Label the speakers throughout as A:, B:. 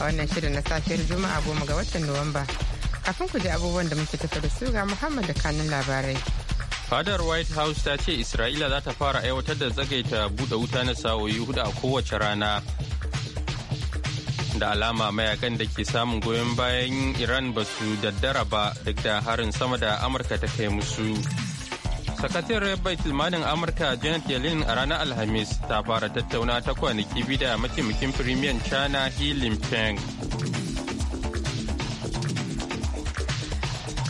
A: a wannan shirin na safiyar Juma'a goma ga watan Nuwamba. Kafin ku ji abubuwan da muke tafi da su ga Muhammad da kanun labarai.
B: Fadar White House ta ce Isra'ila za ta fara aiwatar da zagaita buɗe wuta na sa'o'i hudu a kowace rana. Da alama mayakan da ke samun goyon bayan Iran ba su daddara ba duk da harin sama da Amurka ta kai musu. sakatar Baitul tilmanin Amurka Janet Yellen a ranar Alhamis ta fara tattauna ta kwanaki biyu da mataimakin firimiyan China He Peng.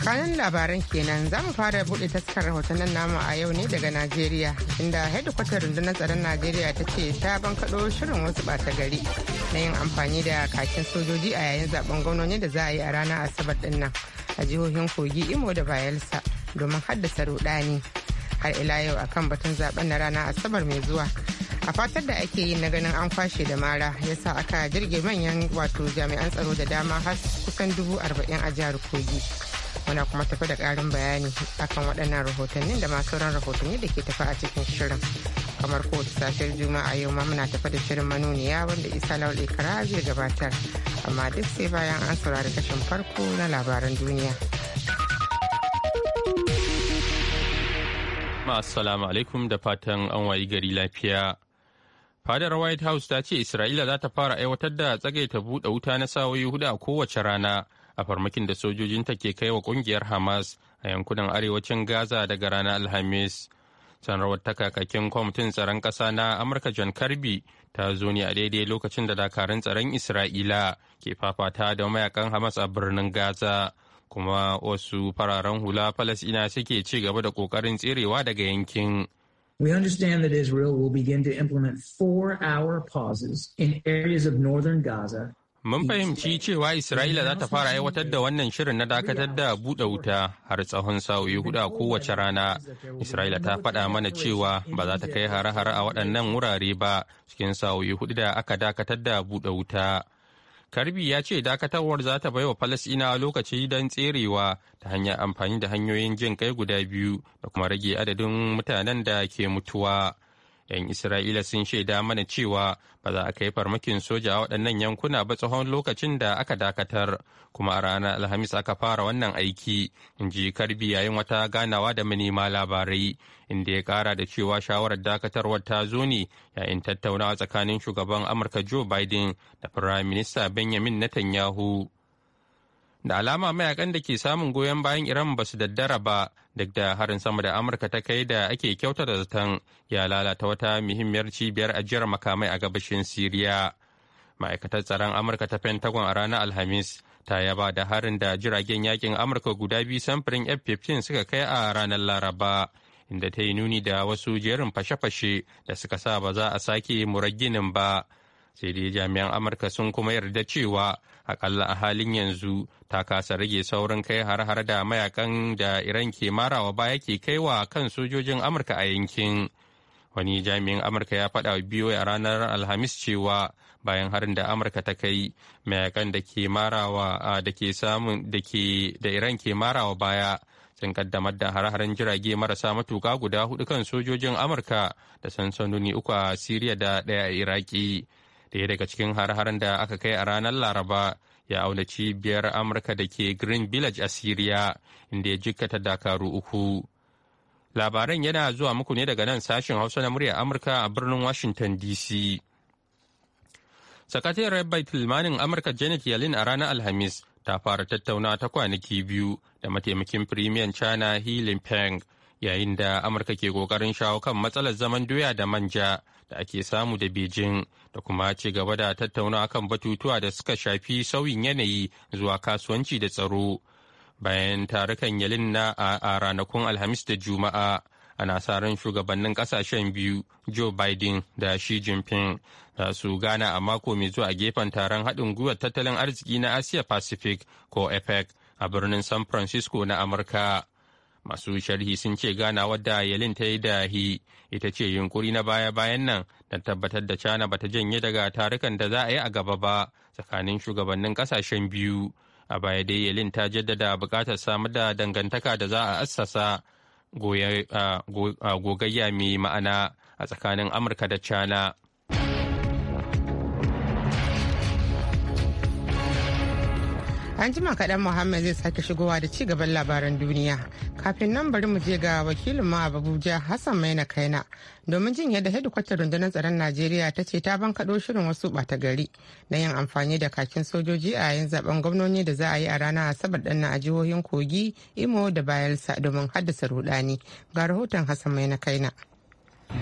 A: kanan labaran kenan za mu fara buɗe taskar rahotannin namu a yau ne daga Najeriya inda headquarter rundunar tsaron Najeriya ta ce ta bankaɗo shirin wasu bata gari na yin amfani da kakin sojoji a yayin zaben gwamnoni da za a yi a ranar Asabar ɗin nan a jihohin Kogi Imo da Bayelsa domin haddasa ruɗani. har ila yau a kan batun zaben na rana asabar mai zuwa a fatar da ake yi na ganin an kwashe da mara ya sa aka jirge manyan wato jami'an tsaro da dama har kusan dubu arba'in a jihar kogi muna kuma tafi da karin bayani akan waɗannan rahotannin da masu ran rahotanni da ke tafi a cikin shirin kamar kowace safiyar juma'a yau ma muna tafi da shirin manuniya wanda isa lawal kara zai gabatar amma duk sai bayan an saurari kashin farko na labaran duniya.
B: jama'a assalamu alaikum da fatan an wayi gari lafiya. Fadar White House ta ce Isra'ila za ta fara aiwatar da ta buɗe wuta na sawoyi hudu a kowace rana a farmakin da sojojinta ke kai wa ƙungiyar Hamas a yankunan arewacin Gaza daga ranar Alhamis. Sanarwar ta kakakin kwamitin tsaron ƙasa na Amurka John karbi ta zo ne a daidai lokacin da dakarun tsaron Isra'ila ke fafata da mayakan Hamas a birnin Gaza. kuma wasu fararen hula falasina suke ci gaba da kokarin tserewa daga yankin
C: We understand that Israel will begin to implement four-hour pauses in areas of northern Gaza
B: Mun fahimci cewa Isra'ila za ta fara aiwatar da wannan shirin na dakatar da buɗe wuta har tsawon sa'o'i hudu a kowace rana. Isra'ila ta faɗa mana cewa ba za ta kai hare-hare a waɗannan wurare ba cikin sa'o'i huɗu da aka dakatar da buɗe wuta. Karbi ya ce dakatarwar za ta baiwa Falasɗinawa lokaci don tserewa ta hanyar amfani da hanyoyin jin kai guda biyu da kuma rage adadin mutanen da ke mutuwa. 'yan isra'ila sun shaida mana cewa ba za a kai farmakin soja a waɗannan yankuna ba tsawon lokacin da aka dakatar kuma a ranar alhamis aka fara wannan aiki in ji karbi yayin wata ganawa da manema labarai inda ya kara da cewa shawarar dakatarwar ta zo ne yayin tattaunawa tsakanin shugaban amurka joe biden da firayim minista benjamin netanyahu da alama mayakan da ke samun goyon bayan iran ba su daddara ba duk da harin sama da amurka ta kai da ake kyautata zaton ya lalata wata muhimmiyar cibiyar ajiyar makamai a gabashin siriya ma'aikatar tsaron amurka ta pentagon a ranar alhamis ta yaba da harin da jiragen yakin amurka guda biyu samfurin f-15 suka kai a ranar laraba inda ta yi nuni da wasu jerin fashe-fashe da suka sa ba za a sake muraginin ba sai dai jami'an amurka sun kuma yarda cewa akalla a halin yanzu ta kasa rage saurin kai har-har da mayakan da iran ke marawa baya ke kaiwa kan sojojin amurka a yankin wani jami'in amurka ya faɗa wa biyo a ranar alhamis cewa bayan harin da amurka ta kai mayakan da ke marawa da ke samun da ke da iran ke marawa baya sun kaddamar da har-haren jirage marasa matuka guda hudu kan sojojin amurka da sansanoni uku a siriya da daya a iraki daya daga cikin har-haren da aka kai a ranar laraba ya auna cibiyar amurka da ke green village a syria inda ya jikkata dakaru uku labaran yana zuwa muku ne daga nan sashen hausa na murya amurka a birnin washington dc sakatariyar tilmanin amurka janet yalin a ranar alhamis ta fara tattauna ta kwanaki biyu da mataimakin firimiyan china healing peng yayin da amurka ke kokarin shawo kan matsalar zaman doya da manja da ake samu da beijing da kuma ci gaba da tattauna kan batutuwa da suka shafi sauyin yanayi zuwa kasuwanci da tsaro bayan tarukan yalin na a ranakun alhamis da juma'a ana sa ran shugabannin kasashen biyu joe biden da shi jinping za su gana a mako mai zuwa gefen taron haɗin gwiwar tattalin arziki na asia pacific ko epec a birnin san francisco na amurka masu sharhi sun ce gana wadda yalin ta yi da hi ita ce yunkuri na baya-bayan nan don tabbatar da cana bata janye daga tarukan da za a yi a gaba ba tsakanin shugabannin kasashen biyu a baya dai yalin ta jaddada bukatar samar da dangantaka da za a assasa gogayya mai ma'ana a tsakanin amurka da china
A: An jima kaɗan Muhammad zai sake shigowa da ci gaban labaran duniya. Kafin nan bari mu je ga wakilin mu Abuja Hassan Maina Kaina domin jin yadda hedikwatar rundunar tsaron Najeriya ta ce ta bankaɗo shirin wasu ɓata gari na yin amfani da kakin sojoji a yayin zaben gwamnoni da za a yi a ranar Asabar ɗin a jihohin Kogi, Imo da Bayelsa domin haddasa rudani. Ga rahoton Hassan Maina Kaina.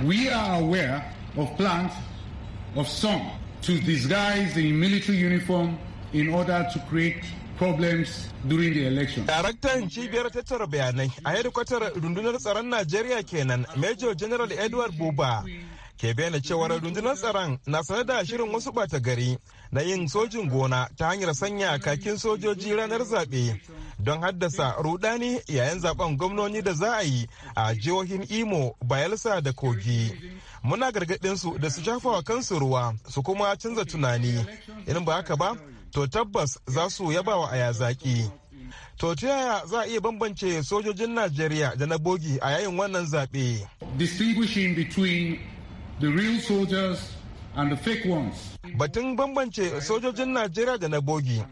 D: We are aware of plans
E: of some to disguise the military uniform in order to create problems during the election. Daraktan cibiyar tattara bayanai a hedikwatar rundunar tsaron Najeriya kenan Major General Edward Buba ke bayyana cewar rundunar tsaron na sanar da shirin wasu bata gari na yin sojin gona ta hanyar sanya kakin sojoji ranar zaɓe don haddasa rudani yayin zaben gwamnoni da za a yi a jihohin imo bayelsa da kogi muna gargaɗinsu da su shafa wa kansu ruwa su kuma canza tunani in ba haka ba to tabbas za su yaba wa aya zaki. To ta yaya za a iya bambance sojojin Najeriya da na bogi a yayin wannan zaɓe? Distinguishing between the real soldiers and the fake ones. Batun bambance sojojin Najeriya da na bogi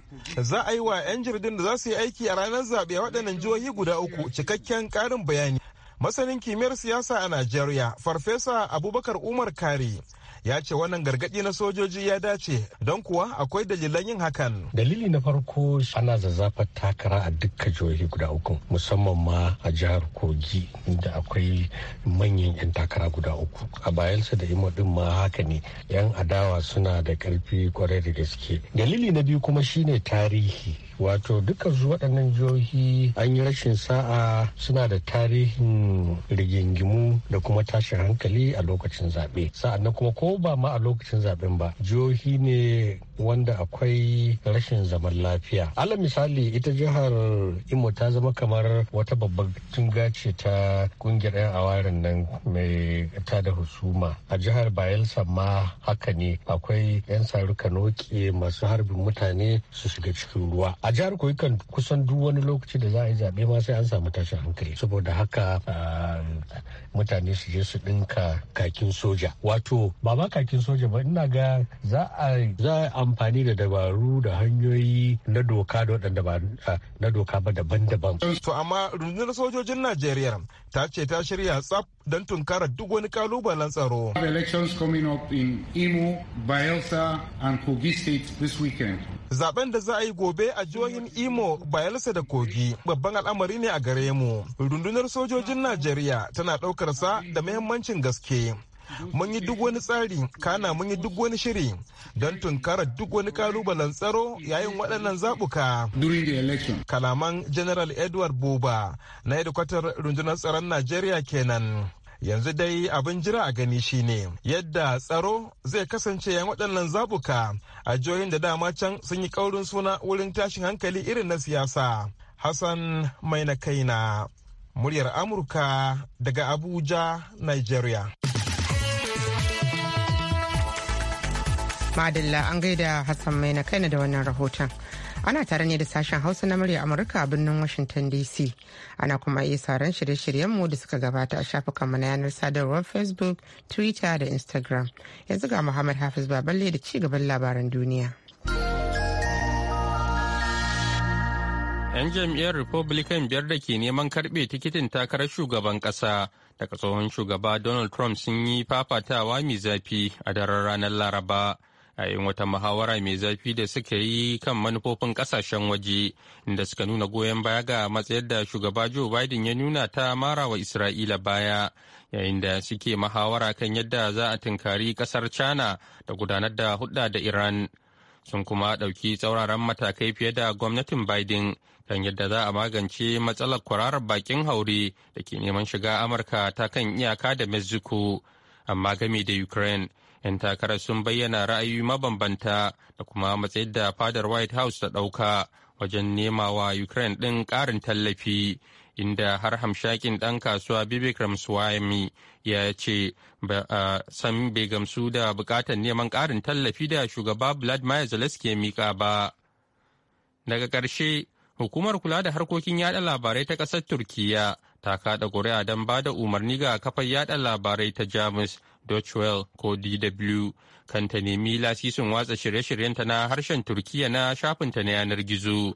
E: za a yi wa 'yan jirgin da za su yi aiki a ranar zaɓe a waɗannan jihohi guda uku cikakken ƙarin bayani. Masanin kimiyyar siyasa a Najeriya, Farfesa Abubakar Umar Kari. ya ce wannan gargaɗi na sojoji ya dace don kuwa akwai dalilan yin hakan.
F: Dalili na farko ana zazzafar takara a dukkan jihohi guda uku musamman ma a jihar Kogi inda akwai manyan 'yan takara guda uku. A bayansa da imo din ma haka ne 'yan adawa suna da ƙarfi kwarai da gaske. Dalili na biyu kuma shine tarihi wato dukkan su waɗannan jihohi an yi rashin sa'a suna da tarihin rigingimu da kuma tashin hankali a lokacin zaɓe sa'annan kuma ko ba ma a lokacin zaɓen ba jihohi ne wanda akwai rashin zaman lafiya ala misali ita jihar imo ta zama kamar wata babbar tunga ce ta kungiyar 'yan awarin nan mai ta da husuma a jihar bayelsa ma haka ne akwai 'yan saruka noke masu harbin mutane su shiga cikin ruwa a jihar koyi kan kusan duk wani lokaci da za a yi zaɓe ma sai an samu tashin hankali saboda haka mutane su je su ɗinka kakin soja wato ba ma kakin soja ba ina ga za a amfani da dabaru da hanyoyi na doka da waɗanda ba na doka ba daban-daban. to
E: amma rundunar sojojin
F: najeriya ta
E: ce ta shirya tsaf don tunkarar duk wani kalubalen tsaro.
D: elections coming up in
E: Imo, Bayelsa and Kogi state this weekend. zaben da za a yi gobe a jihohin imo bayelsa da kogi babban al'amari ne a gare mu rundunar sojojin najeriya tana ɗaukar sa da mahimmancin gaske mun yi duk wani tsari kana mun yi duk wani shiri don tunkarar duk wani kalubalen tsaro yayin waɗannan zaɓuka. kalaman general edward buba na hedikwatar rundunar tsaron najeriya kenan yanzu dai abin jira a gani shine yadda tsaro zai kasance yan waɗannan zabuka a jihohin da dama can sun yi ƙaurin suna wurin tashin hankali irin na siyasa hassan mai na kaina muryar amurka daga abuja nigeria
A: madalla an gaida hassan mai na kaina da wannan rahoton ana tare ne da sashen hausa na murya amurka a birnin washington dc ana kuma iya saran shirye shiryen mu da suka gabata a shafukan na yanar sadarwar facebook twitter da instagram yanzu ga muhammad hafiz baballe da ci gaban labaran duniya
B: 'yan jam'iyyar republican biyar da ke neman karbe tikitin takarar shugaban kasa daga tsohon shugaba donald trump sun yi fafatawa mai zafi a daren ranar laraba a yin wata muhawara mai zafi da suka yi kan manufofin kasashen waje inda suka nuna goyon baya ga matsayar da shugaba joe biden ya nuna ta mara wa isra'ila baya yayin da suke muhawara kan yadda za a tunkari kasar china da gudanar da hudda da iran sun kuma ɗauki tsauraran matakai fiye da gwamnatin biden kan yadda za a magance matsalar kwararar bakin haure da ke neman shiga amurka ta kan iyaka da mexico amma game da ukraine 'yan takarar sun bayyana ra'ayi mabambanta da kuma matsayin da fadar white house ta ɗauka wajen nemawa ukraine ɗin ƙarin tallafi inda har hamshakin ɗan kasuwa bibik ramswami ya ce san bai gamsu da buƙatar neman ƙarin tallafi da shugaba Vladimir Zelensky ya mika ba. Daga ƙarshe, hukumar kula da harkokin yada labarai ta ƙasar Turkiyya ta kada ƙuri'a don ba da umarni ga kafar yada labarai ta jamus dochwell ko dw kan ta nemi lasisin watsa shirye-shiryenta na harshen turkiya na shafinta na yanar gizo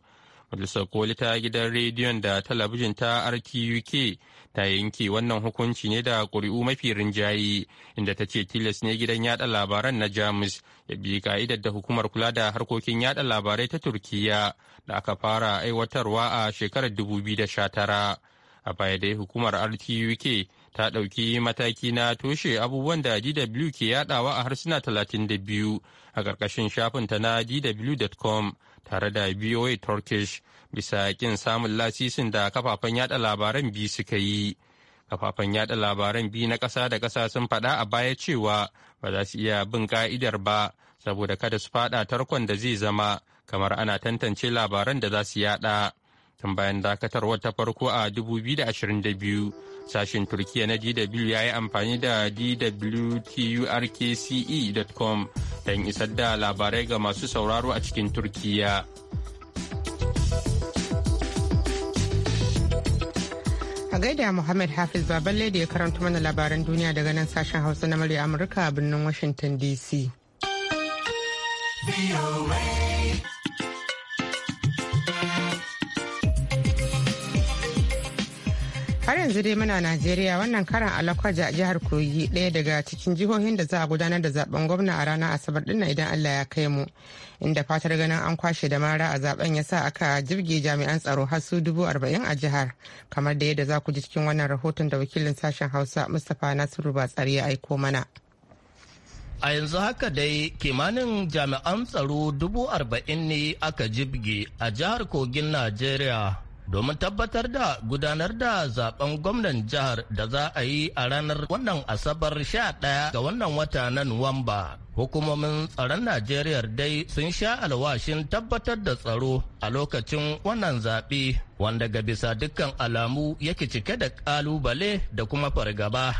B: majalisar koli ta gidan rediyon da talabijin ta rtuk ta yanke wannan hukunci ne da ƙuri'u mafi rinjaye inda ta ce tilas ne gidan yada labaran na jamus ya bi ka'idar da hukumar kula da harkokin yada labarai ta turkiya da aka fara aiwatarwa a shekarar 2019 a baya dai hukumar rtuk ta ɗauki mataki na toshe abubuwan da dw ke yadawa a harsuna 32 a ƙarƙashin ta na dw.com tare da voa turkish bisa ƙin samun lasisin da kafafen yada labaran biyu suka yi kafafen yada labaran biyu na ƙasa da ƙasa sun faɗa a baya cewa ba za su iya bin ka'idar ba saboda kada su faɗa tarkon da zai zama kamar ana tantance labaran da za su yada tun bayan dakatarwar ta farko a 2022 sashen turkiya na dw ya yi amfani da dwturkce.com don isar da labarai ga masu sauraro a cikin turkiya
A: a gaida muhammad hafiz baballe da ya karanta mana labaran duniya daga nan sashen hausa na murya amurka a birnin washington dc Har yanzu dai muna Najeriya wannan karan alakwaja a jihar Kogi ɗaya daga cikin jihohin da za a gudanar da zaben gwamna a ranar Asabar ɗin idan Allah ya kai mu. Inda fatar ganin an kwashe da mara a zaben ya sa aka jirge jami'an tsaro har su dubu arba'in a jihar kamar da yadda za ku ji cikin wannan rahoton da wakilin sashen Hausa Mustapha Nasiru Batsari ya aiko mana.
G: A yanzu haka dai kimanin jami'an tsaro dubu arba'in ne aka jibge a jihar Kogin Najeriya domin tabbatar da gudanar da zaben gwamnan jihar da za a yi a ranar wannan asabar Sha 11 ga wannan wata na Nuwamba. Hukumomin tsaron Najeriya dai sun sha alwashin tabbatar da tsaro a lokacin wannan zaɓe wanda ga bisa dukkan alamu yake cike da ƙalubale da kuma fargaba.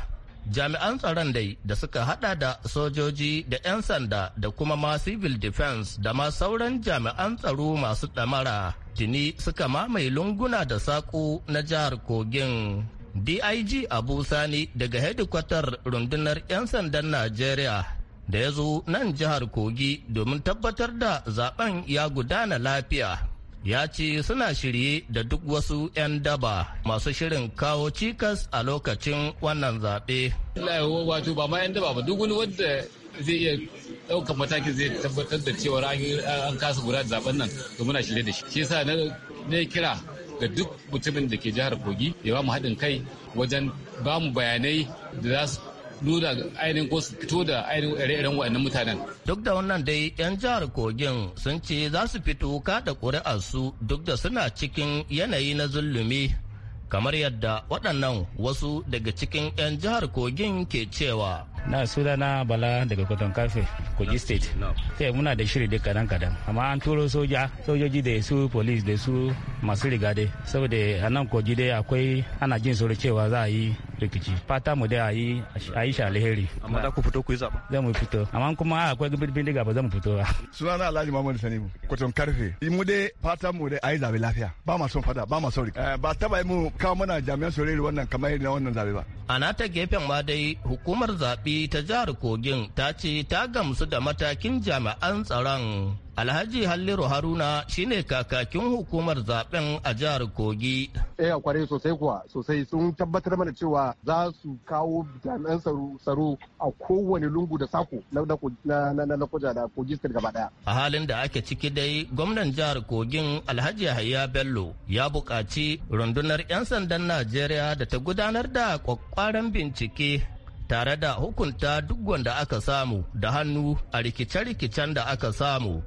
G: Jami'an tsaron dai da suka hada da sojoji da 'yan sanda da kuma ma civil defense da ma sauran jami'an tsaro masu ɗamara litini suka mamaye lunguna da saƙo na jihar Kogin. DIG Abu Sani daga hedikwatar rundunar 'yan sandan Najeriya da ya zo nan jihar Kogi domin tabbatar da zaben ya gudana lafiya. Ya ce suna shirye da duk wasu 'yan daba masu shirin kawo cikas a lokacin wannan zaɓe. ba ma 'yan daba ba duk wani zai iya ɗaukar matakin zai tabbatar da cewa an kasa guda da zaben nan to muna shirye da shi shi yasa na kira ga duk mutumin da ke jihar kogi ya ba mu haɗin kai wajen ba mu bayanai da za su nuna ainihin ko su fito da ainihin ire-iren waɗannan mutanen. Duk da wannan dai 'yan jihar Kogin sun ce za su fito kada ƙuri'arsu duk da suna cikin yanayi na zulumi kamar yadda waɗannan wasu daga cikin 'yan jihar Kogin ke cewa. na suna na bala daga cotton cafe kogi state sai eh, muna da shiri duk kadan kadan amma an turo soja sojoji da su police da su masu riga dai saboda a nan kogi dai akwai ana jin tsoro cewa za a yi rikici fata mu dai a yi yi alheri amma za ku fito ku yi zaba za mu fito amma kuma akwai
H: diga ba za mu fito ba suna na alhaji da sanibu cotton karfe mu dai fata mu dai a yi zabe lafiya ba ma son fada ba ma son rikici eh, ba taba yi mu kawo mana jami'an sorori wannan kamar na wannan zabe ba
G: A ta gefen ma dai hukumar zaɓe ta jihar Kogin ta ce ta gamsu da matakin jami'an tsaron Alhaji Halliru Haruna shine kakakin hukumar zaben a jihar Kogi.
D: Eh kware sosai kuwa sosai sun tabbatar mana cewa za su kawo jami'an tsaro a kowane lungu da sako na na kuja da Kogi State gaba daya.
G: A halin da ake ciki dai gwamnan jihar Kogin Alhaji Yahaya Bello ya buƙaci rundunar 'yan sandan Najeriya da ta gudanar da kwakwaran bincike tare da hukunta duk wanda aka samu da hannu a rikice-rikicen da aka samu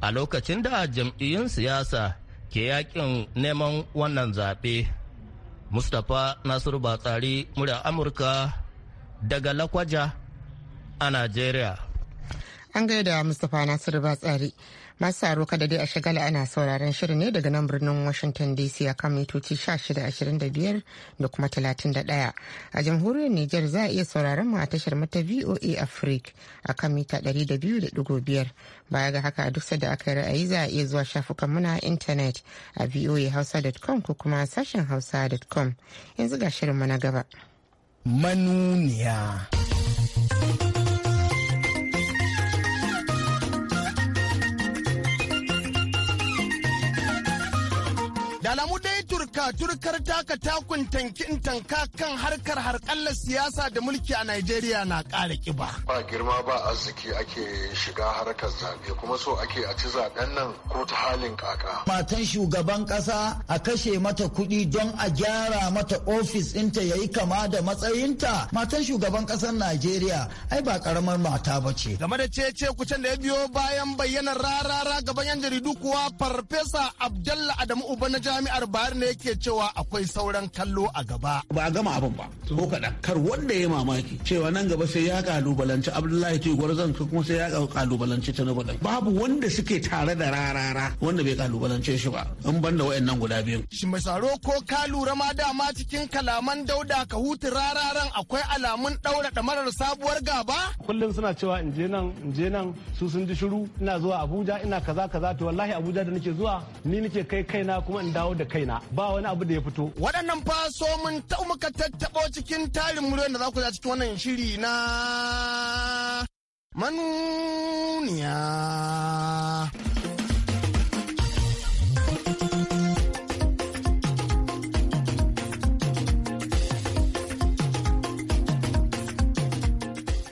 G: a lokacin da jam'iyyun siyasa ke yakin neman wannan zaɓe. Mustapha Nasiru Batsari murya Amurka daga Lakwaja a Najeriya.
A: An gaida Mustapha Nasiru Batsari. masu aro kada dai a shagala ana sauraron shirin ne daga nan birnin washington dc a kan mitoci 1625 da kuma 31 a jamhuriyar niger za a iya sauraron mu a tashar mata voa africa a kan mita 200.5 baya ga haka a duk da aka yi ra'ayi za a iya zuwa shafukan muna intanet a voahausa.com ko kuma sashen hausa.com yanzu ga shirin na gaba
H: manuniya turka-turkar taka takun tanki tanka kan harkar harkallar siyasa da mulki a Najeriya na ƙara ƙiba.
D: Ba girma ba arziki ake shiga harkar zaɓe kuma so ake a ci zaɓen nan ko ta halin kaka.
C: Matan shugaban ƙasa a kashe mata kuɗi don a gyara mata ofis ɗinta ya yi kama da matsayinta. Matan shugaban ƙasar Najeriya ai ba ƙaramar mata ba ce.
H: Game da cece kucin da ya biyo bayan bayyanar rarara gaban 'yan jaridu kuwa Farfesa Abdalla Adamu Uba na jami'ar Bayar ne yake ke cewa akwai sauran kallo a gaba. Ba a gama abin ba. Ko
I: kaɗan kar wanda ya mamaki cewa nan gaba sai ya kalubalanci Abdullahi Tigwar zan kuma sai ya kalubalanci Tinubu ɗin. Babu wanda suke tare da rarara wanda bai kalubalance shi ba in
H: banda wayannan guda biyu. Shi mai tsaro ko ka lura ma dama cikin kalaman Dauda ka hutu rararan akwai alamun ɗaura marar sabuwar gaba? Kullum suna cewa in je nan in je nan
I: su sun ji shiru ina zuwa Abuja ina kaza kaza to wallahi Abuja da nake zuwa ni nake kai kaina
H: kuma in dawo da kaina ba wani abu da ya fito waɗannan fa so mun ta muka tattaɓo cikin tarin muryar da za ku za cikin wannan shiri na manuniya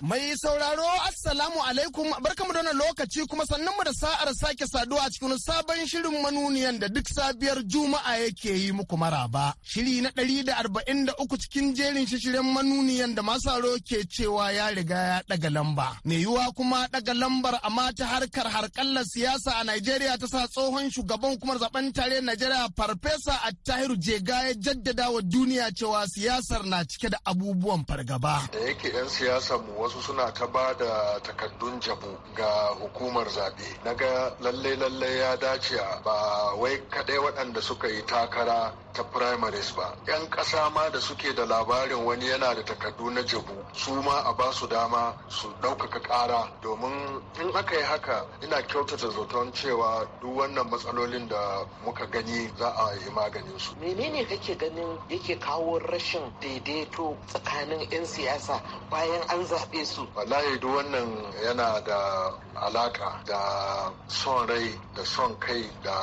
H: Mai sauraro Assalamu alaikum barkamu da wannan lokaci kuma mu da sa'ar sake saduwa cikin sabon shirin manuniyan da duk sabiyar Juma'a yake yi muku maraba. Shiri na ɗari da arba'in da uku cikin jerin shishiren manuniyan da masu aro ke cewa ya riga ya ɗaga lamba. Me yiwuwa kuma ɗaga lambar amma ta harkar harkallar siyasa a Najeriya ta sa tsohon shugaban kuma zaben tare Najeriya Farfesa Attahiru Jega ya jaddada wa duniya cewa siyasar na cike da abubuwan fargaba.
D: Da yake 'yan siyasa mu wasu wasu suna ta ba da takardun jabu ga hukumar zaɓe ga lalle lalle ya dace ba wai kaɗai waɗanda suka yi takara ta primaries ba yan ƙasa ma da suke da labarin wani yana da takardu na jabu su ma a ba su dama su ɗaukaka ƙara domin in aka yi haka ina kyautata zaton cewa duk wannan matsalolin da muka gani za a yi maganin su menene kake ganin yake kawo rashin daidaito tsakanin 'yan siyasa bayan an zaɓe su wallahi duk wannan yana da alaka da son rai da son kai da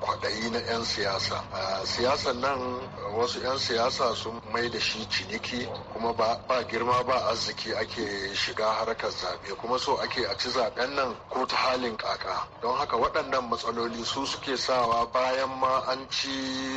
D: kwaɗayi na 'yan siyasa. Siyasan nan wasu 'yan siyasa sun mai da shi ciniki kuma ba girma ba arziki ake shiga harkar zaɓe kuma so ake a ci zaɓen nan ko ta halin kaka don haka waɗannan matsaloli su suke sawa bayan ma an ci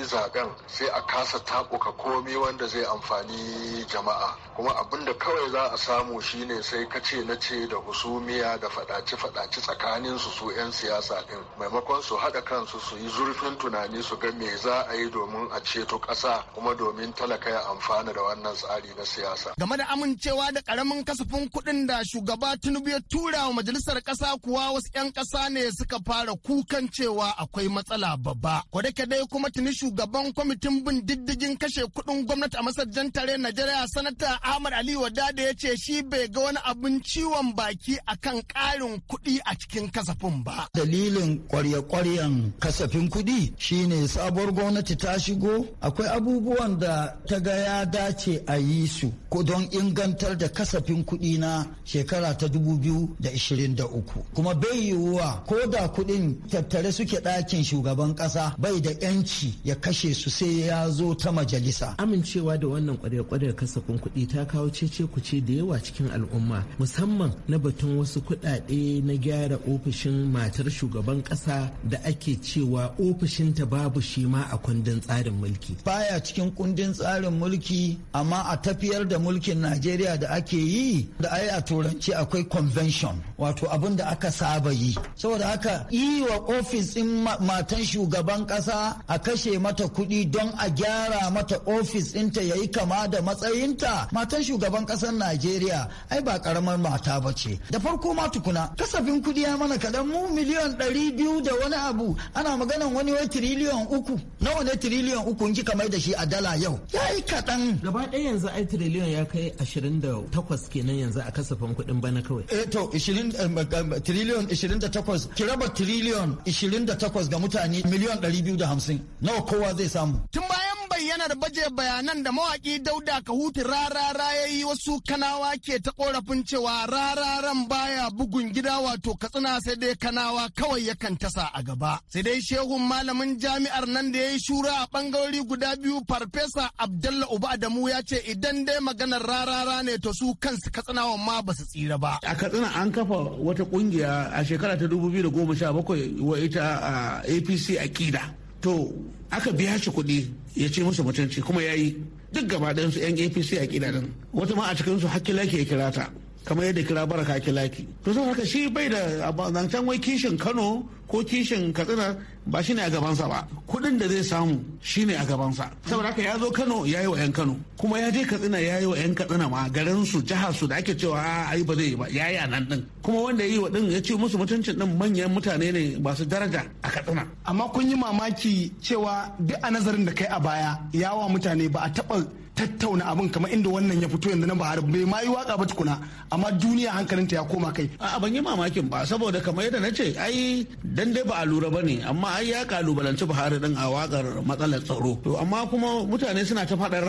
D: zaɓen sai a kasa taɓuka komi wanda zai amfani jama'a kuma abin da kawai za a samu shine sai kace na ce da husumiya da faɗace-faɗace tsakanin su su 'yan siyasa ɗin maimakon su haɗa kansu su yi zurfin tunani su ga me za a yi domin a ceto ƙasa ƙasa kuma domin talaka ya amfana da wannan tsari na siyasa. Game
H: da amincewa da karamin kasafin kuɗin da shugaba Tinubu ya tura wa majalisar ƙasa kuwa wasu 'yan ƙasa ne suka fara kukan cewa akwai matsala babba. Kwadake dai kuma tuni shugaban kwamitin bin diddigin kashe kuɗin gwamnati a masajjan tare Najeriya sanata Ahmad Ali Wadada ya ce shi bai ga wani abin ciwon baki akan ƙarin kuɗi a cikin kasafin ba.
C: Dalilin kwarye-kwaryen kasafin kuɗi shine sabuwar gwamnati ta shigo akwai abubuwan da ta ga ya dace a yi su ko don ingantar da kasafin kuɗi na shekara ta 2023 kuma bai yiwuwa ko da kuɗin tattare suke ɗakin shugaban ƙasa bai da 'yanci ya kashe su sai ya zo ta majalisa
I: amincewa da wannan kwadar kasafin kuɗi ta kawo cece kuce da yawa cikin al'umma musamman na batun wasu kuɗaɗe na gyara ofishin matar shugaban ƙasa da ake cewa ofishinta
C: babu shi ma a kundin tsarin mulki baya cikin kundin tsarin mulki amma a tafiyar da mulkin najeriya da ake yi da ai a turanci akwai convention wato abin da aka saba yi saboda haka yi wa ofis ɗin matan shugaban kasa a kashe mata kuɗi don a gyara mata ofis ɗinta ya yi kama da matsayinta matan shugaban ƙasar najeriya ai ba ƙaramar mata ba ce da farko ma tukuna kasafin kuɗi ya mana kaɗan mu miliyan ɗari biyu da wani abu ana maganan wani wai tiriliyan uku nawa ne tiriliyan uku in kika mai da shi a dala yau ya yi kaɗan. Gaba ɗaya yanzu ai
I: tiriliyon ya kai ashirin da takwas kenan yanzu a kasafin kuɗin bana kawai.
C: Eh to tiriliyon eh, eh, ishirin da takwas ki raba tiriliyon ishirin da takwas ga mutane miliyon ɗari biyu da hamsin nawa kowa zai samu.
H: Tun bayan bayyanar baje bayanan da mawaki dauda kahuti rarara ya yi wasu kanawa ke ta korafin cewa rararan baya bugun gida wato katsina sai dai kanawa kawai yakan tasa a gaba sai dai shehun malamin jami'ar nan da ya yi shura a bangarori guda biyu farfesa abdalla uba adamu ya ce idan dai maganar rarara ne to su kansu katsinawan ma ba su tsira ba a katsina an kafa wata
I: kungiya a shekara ta 2017 wa ita a apc a kida to aka biya shi kuɗi ya ce musu mutunci kuma ya yi duk gaba 'yan apc a kida kidanin wata ma a cikinsu hakila ke kirata kamar yadda kira baraka laki to saboda haka shi bai da zancen wai kishin kano ko kishin katsina ba shi ne a gabansa ba kuɗin da zai samu shi ne a gabansa saboda haka ya zo kano ya yi wa 'yan kano kuma ya je katsina ya yi wa 'yan katsina ma garin su jihar su da ake cewa a ai ba zai yi ba ya yi a nan din kuma wanda ya yi wa din ya ce musu mutuncin din manyan mutane ne masu daraja a katsina amma kun yi mamaki
H: cewa duk a nazarin da kai a baya yawa mutane ba a taɓa tattauna abin kamar inda wannan ya fito yanzu na bahar bai ma yi waka ba tukuna amma duniya hankalinta ya koma kai a ban yi mamakin
I: ba saboda kamar yadda na ce ai dan dai ba a lura ba ne amma ai ya kalubalanci bahar din a wakar matsalar tsaro to amma kuma mutane suna ta faɗar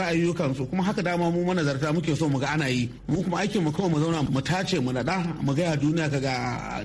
I: su kuma haka dama mu manazarta muke so mu ga ana yi mu kuma aikin mu kawai mu zauna mu tace mu naɗa mu gaya duniya kaga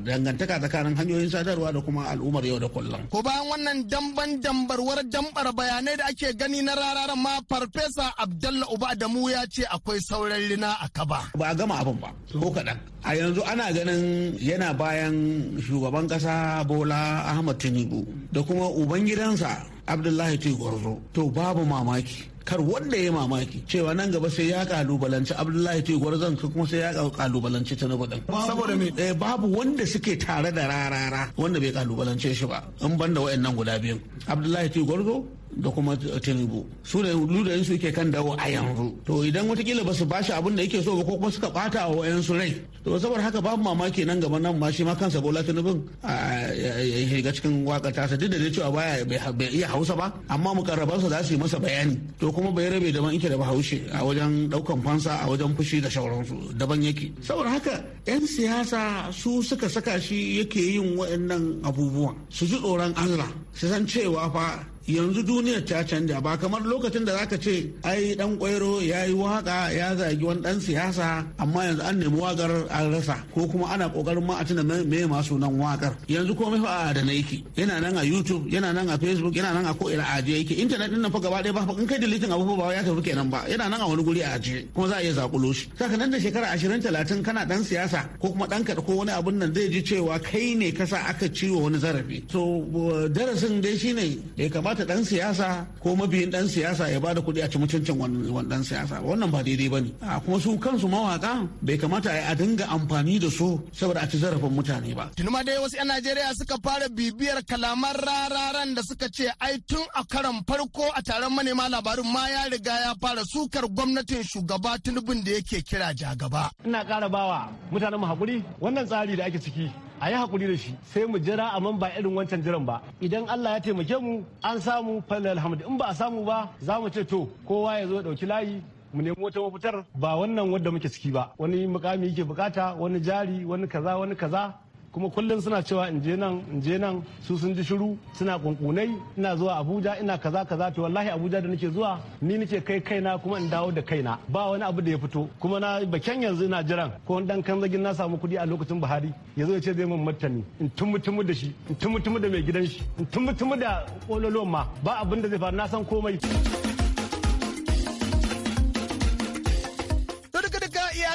I: dangantaka tsakanin hanyoyin sadarwa da kuma al'ummar yau da kullum
H: ko bayan wannan damban dambarwar dambar bayanai da ake gani na rararen ma farfesa abdul Bello Uba da mu ya ce akwai sauran rina a kaba. Ba a gama abin ba, ko kaɗan. A yanzu ana ganin yana
I: bayan shugaban ƙasa Bola Ahmad Tinubu da kuma ubangidansa Abdullahi Tigwarzo. To babu mamaki. kar wanda ya mamaki cewa nan gaba sai ya kalubalanci abdullahi ce gwarzon kuma sai ya kalubalanci ta din saboda me eh babu wanda suke tare da rarara wanda bai kalubalance shi ba in banda wayannan guda biyu abdullahi ce gwarzo da kuma tinubu su da ludayin su ke kan dawo a yanzu to idan watakila ba su bashi abin da yake so ba ko kuma suka bata wa wayansu rai to saboda haka babu mamaki nan gaba nan ma shi ma kansa bola tinubun ya shiga cikin waka tasa duk da dai cewa baya bai iya hausa ba amma su za su yi masa bayani to kuma bai rabe daban yake da bahaushe a wajen daukan fansa a wajen fushi da sauransu daban yake saboda haka yan siyasa su suka saka shi yake yin wayannan abubuwan su ji tsoron allah su san cewa fa yanzu duniya ta canja ba kamar lokacin da zaka ce ai dan kwairo ya yi waka ya zagi wani dan siyasa amma yanzu an nemi wakar an rasa ko kuma ana kokarin ma a tuna me ma sunan wakar yanzu komai fa da na yana nan a youtube yana nan a facebook yana nan a ko ina ajiye yake internet din nan fa gaba ɗaya ba in kai deleting abu ba ya tafi kenan ba yana nan a wani guri a ajiye kuma za a iya zakulo shi saka nan da shekara 20 30 kana dan siyasa ko kuma dan ka ko wani abun nan zai ji cewa kai ne kasa aka ciwo wani zarafi so uh, darasin dai shine ya kamata kamata dan siyasa ko mabiyin dan siyasa ya bada kuɗi a ci mutuncin wannan dan siyasa wannan ba daidai bane a kuma su kansu mawaka bai kamata a dinga amfani da su saboda a ci zarafin mutane
H: ba tunuma dai wasu yan Najeriya suka fara bibiyar kalaman rararan da suka ce ai tun a karan farko a taron manema labarin ma ya riga ya fara sukar gwamnatin shugaba tunubin da yake kira jagaba ina ƙara bawa mutanen mu hakuri wannan tsari da ake ciki
I: a yi hakuri da shi sai mu jira amma ba irin wancan jiran ba idan Allah ya taimake mu an samu falal hamdu in ba a samu ba za mu ce to kowa ya zo ya dauki layi mu nemi wata mafitar ba wannan wadda muke ciki ba wani mukami yake bukata wani jari wani kaza wani kaza kuma kullum suna cewa in je nan in je nan su sun ji shiru suna kunkunai ina zuwa abuja ina kaza kaza to wallahi abuja da nake zuwa ni nake kai kaina kuma in dawo da kaina ba wani abu da ya fito kuma na bakin yanzu ina jiran ko wani kan zagin na samu kuɗi a lokacin buhari ya zo ya ce zai min martani in tumutumu da shi in tumutumu da mai gidan shi in tumutumu da kololuwan ma
H: ba abin da zai faru na san komai.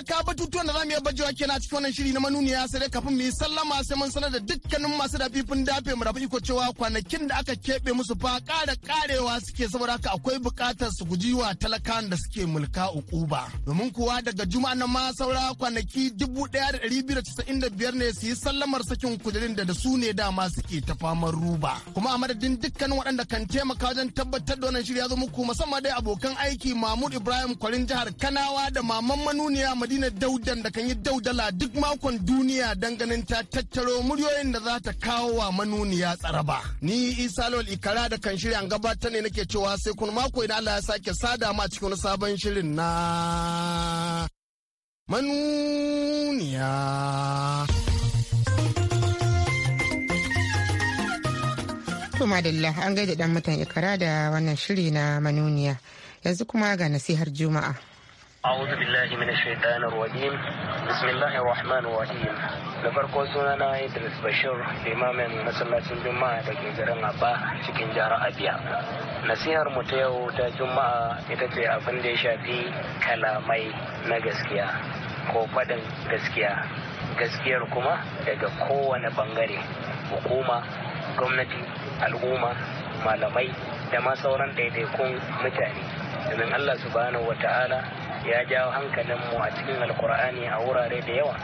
H: iyaka batutuwan da za mu iya bajewa kenan a cikin wannan shiri na manuniya sai dai kafin mu yi sallama sai mun sanar da dukkanin masu rafifin dafe mu rafi iko cewa kwanakin da aka keɓe musu fa ƙara ƙarewa suke saboda haka akwai buƙatar su guji wa talakan da suke mulka ukuba. Domin kuwa daga juma'a na ma saura kwanaki dubu ɗaya da ɗari biyu da casa'in da biyar ne su yi sallamar sakin kujerin da da su ne dama suke ta faman ruba. Kuma a madadin dukkanin waɗanda kan taimaka wajen tabbatar da wannan shiri ya zo muku musamman dai abokan aiki Mahmud Ibrahim Kwarin jihar Kanawa da Maman Manuniya Madina. madina daudan da kan yi daudala duk makon duniya danganin ta tattaro muryoyin da za ta kawo wa manuniya tsaraba ni isa lawal ikara da kan shirya gabata ne nake cewa sai kun mako idan allah ya sake sada ma cikin sabon shirin na manuniya
A: To madalla an gaida dan mutan ikara da wannan shiri na manuniya yanzu kuma ga nasihar juma'a
J: أعوذ بالله من الشيطان الرجيم بسم الله الرحمن da farko sunana Idris Bashir limamin masallacin Juma'a da ke garin Abba cikin jihar Abiya. nasihar mu ta yau ta Juma'a ita ce abin da ya shafi kalamai na gaskiya ko faɗin gaskiya gaskiyar kuma daga kowane bangare hukuma gwamnati al'umma malamai da ma sauran ɗaiɗaikun mutane domin Allah subhanahu wa ta'ala ya jawo hankalinmu a cikin alkur'ani a wurare da yawa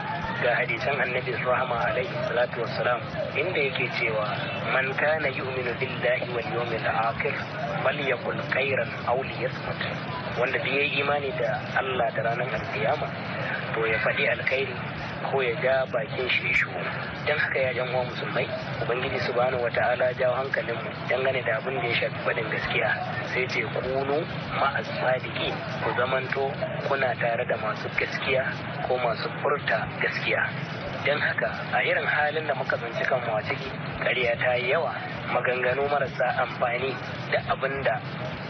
J: ga hadisan annabi rahama alaihi salatu wassalam inda yake cewa man kana yu'minu billahi wal yawmil akhir falyakul khairan aw liyasmut wanda da yayi imani da Allah da ranar alkiyama to ya faɗi alkhairi ko ya ja bakin shi shu don haka ya jan musulmai ubangiji su bani wata ala jawo hankalin mu gane da abin da ya shafi faɗin gaskiya sai ce kunu ma'as sadiki ku zamanto kuna tare da masu gaskiya ko masu furta gaskiya don haka a irin halin da muka zanci kan a ciki ƙarya ta yi yawa maganganu marasa amfani da abin da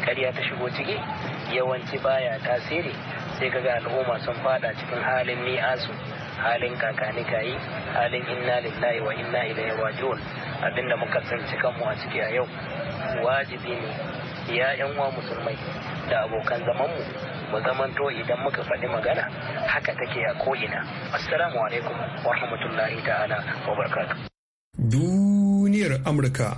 J: ƙarya ta shigo ciki yawanci baya tasiri sai kaga al'umma sun fada cikin halin ni'asu halin kakani yi halin inna lillahi wa inna ilaihi raji'un abinda muka tsinci kanmu a ciki a yau wajibi ne ya yan uwa musulmai da abokan zaman mu mu zamanto idan muka faɗi magana haka take a ko'ina assalamu alaikum wa rahmatullahi ta'ala wa barakatuh
E: duniyar amurka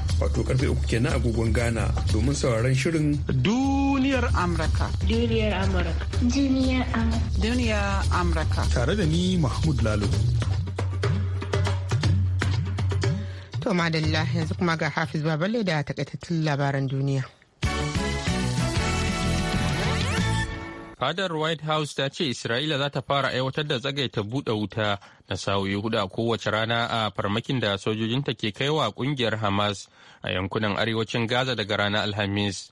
E: wato karfe uku kenan agogon Ghana domin sauraron shirin duniyar Amurka.
A: Duniyar Amurka. Duniyar Amurka. Duniyar Amurka.
E: Tare da ni Mahmud Lalo.
A: To madalla yanzu kuma ga Hafiz Baballe da takaitattun labaran duniya.
B: Fadar White House ta ce Isra'ila za ta fara aiwatar da zagaita buɗe wuta na sa'o'i hudu a kowace rana a farmakin da sojojinta ke kaiwa ƙungiyar Hamas a yankunan arewacin Gaza daga ranar Alhamis.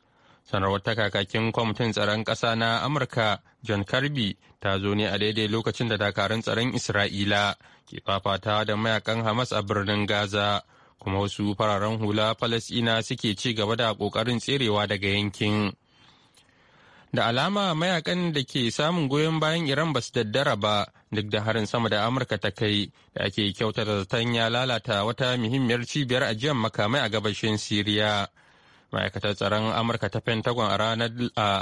B: Sanarwar ta kakakin kwamitin tsaron ƙasa na Amurka John Kirby ta zo ne a daidai lokacin da dakarun tsaron Isra'ila ke fafata da mayakan Hamas a birnin Gaza, kuma wasu fararen hula Falasina suke ci gaba da ƙoƙarin tserewa daga yankin. Da alama mayakan da ke samun goyon bayan Iran ba su daddara ba, duk da harin sama da amurka ta kai da ake kyautata zaton ya lalata wata muhimmiyar cibiyar ajiyar makamai a gabashin siriya ma'aikatar tsaron amurka ta pentagon a ranar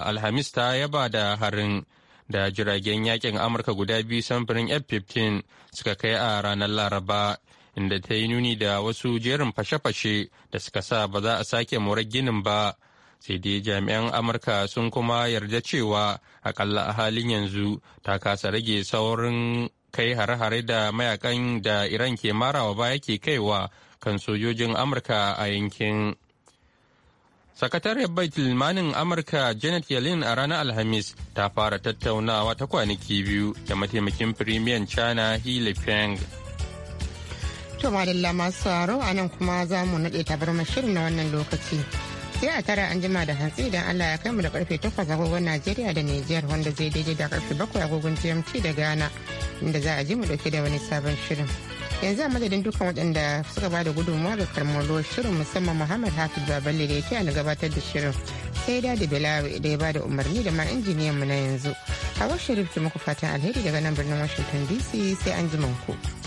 B: alhamis ta yaba da harin da jiragen yakin amurka guda biyu samfurin f-15 suka kai a ranar laraba inda ta yi nuni da wasu jerin fashe-fashe da suka sa ba za a sake ginin ba sai dai jami'an amurka sun kuma yarda cewa akalla a halin yanzu ta kasa rage saurin kai hare-hare da mayakan da iran ke marawa baya ke kaiwa kan sojojin amurka a yankin sakatariyar baitulmanin amurka janet yellen a ranar alhamis ta fara tattaunawa ta kwanaki biyu da mataimakin firimiyan china hili peng
A: to madalla masu a nan kuma za mu naɗe tabar shirin na wannan lokaci sai a tara an jima da hantsi idan Allah ya kai mu da karfe 8 agogon Najeriya da Nijar wanda zai daidai da karfe bakwai agogon GMT da Ghana inda za a ji mu dauke da wani sabon shirin. Yanzu a madadin dukkan waɗanda suka ba da gudunmuwa ga karmalo shirin musamman Muhammad Hafiz Baballe da ya taya gabatar da shirin. Sai da da Bala da ya ba da umarni da ma injiniyan mu na yanzu. a washe ki muku fatan alheri daga nan birnin Washington DC sai an ku.